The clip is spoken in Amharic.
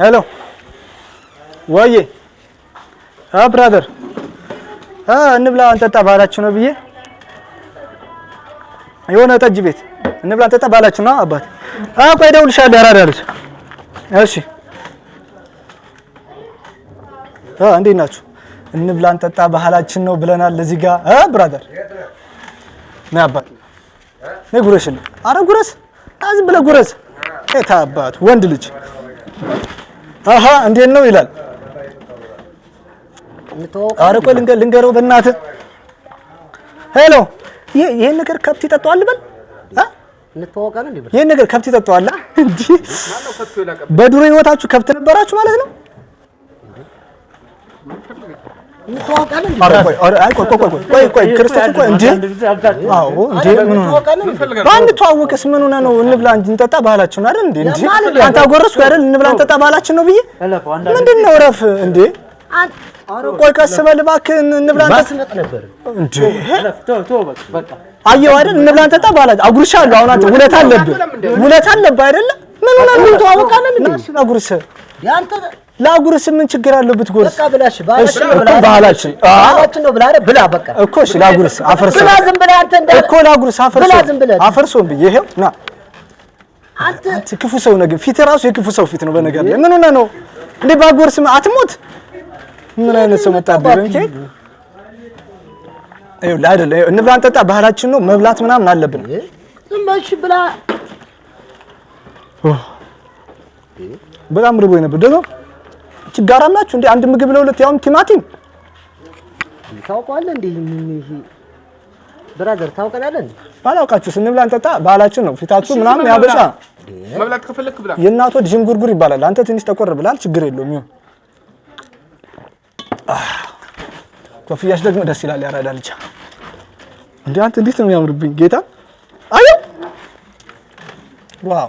ሄሎ ወዬ ብራዘር እንብላ እንጠጣ ባህላችሁ ነው ብዬ የሆነ ጠጅ ቤት እንብላ እንጠጣ ባህላችሁ ነው። አባት ቆይ እደውልልሻለሁ። ያራዳ ልጅ እሺ፣ እንዴት ናችሁ? እንብላ እንጠጣ ባህላችን ነው ብለናል። እዚህ ጋር ብራዘር ነይ አባት ነይ ጉረስልኝ። አረ ጉረስ፣ ዝም ብለህ ጉረስ። የት አባት ወንድ ልጅ አሃ እንዴት ነው ይላል። ኧረ ቆይ ልንገረው በእናትህ። ሄሎ ይሄን ነገር ከብት ይጠጣዋል ልበል? ይሄን ነገር ከብት ይጠጣዋል። በድሮ ህይወታችሁ ከብት ነበራችሁ ማለት ነው። ባንተዋወቅስ ምን ሆነህ ነው? እንብላ እንጂ እንጠጣ ባህላችን አይደል እንዴ? አንተ አጎረስኩ አይደል? እንብላ እንጠጣ ባህላችን ነው ብዬ ምንድን ነው? እረፍ እንዴ! ቆይ ቀስ በል እባክህ። እንብላ እንጠጣ አየሁ አይደል? እንብላ እንጠጣ ባህላችን አጉርሻለሁ። አሁን አንተ ውለታ አለብህ፣ ውለታ አለብህ አይደለም ምን ሆነ? ምን ተዋወቃለን እንዴ? ላጉርስ ያንተ ላጉርስ ምን ችግር አለው ብትጎርስ? በቃ ብላሽ ባላሽ ባህላችን ነው ብላ ብላ በቃ እኮ እሺ፣ ላጉርስ አፈርሶ ብላ ዝም ብለህ አንተ እንደ እኮ ላጉርስ አፈርሶ ብላ ዝም ብለህ አፈርሶም ብዬ ይሄው ና አንተ ክፉ ሰው ነገ ግን ፊትህ የክፉ ሰው ፊት ነው። በነገር ላይ ምን ነው እንዴ? ባጎርስ አትሞት። ምን አይነት ሰው መጣብህ? እንዴ ይኸውልህ አይደለ እንብላ እንጠጣ ባህላችን ነው መብላት ምናምን አለብን። ዝም ብላ በጣም ርቦኝ ነበር። ደግሞ ችጋራም ናችሁ እንዴ? አንድ ምግብ ለሁለት ያውም ቲማቲም ታውቀዋለህ እንዴ? ምን ይሄ ብራዘር ታውቀናለህ? ባላውቃችሁ ስንብላ እንጠጣ ባህላችን ነው። ፊታችሁ ምናምን ያበሻ መብላት ከፈለክ ብላ። የእናት ወድ ጉርጉር ይባላል። አንተ ትንሽ ተቆር ብላል። ችግር የለውም። ይሁን ኮፍያሽ ደግሞ ደስ ይላል። ያራዳ ልጅ እንዴ አንተ እንዴት ነው የሚያምርብኝ ጌታ። አይ ዋው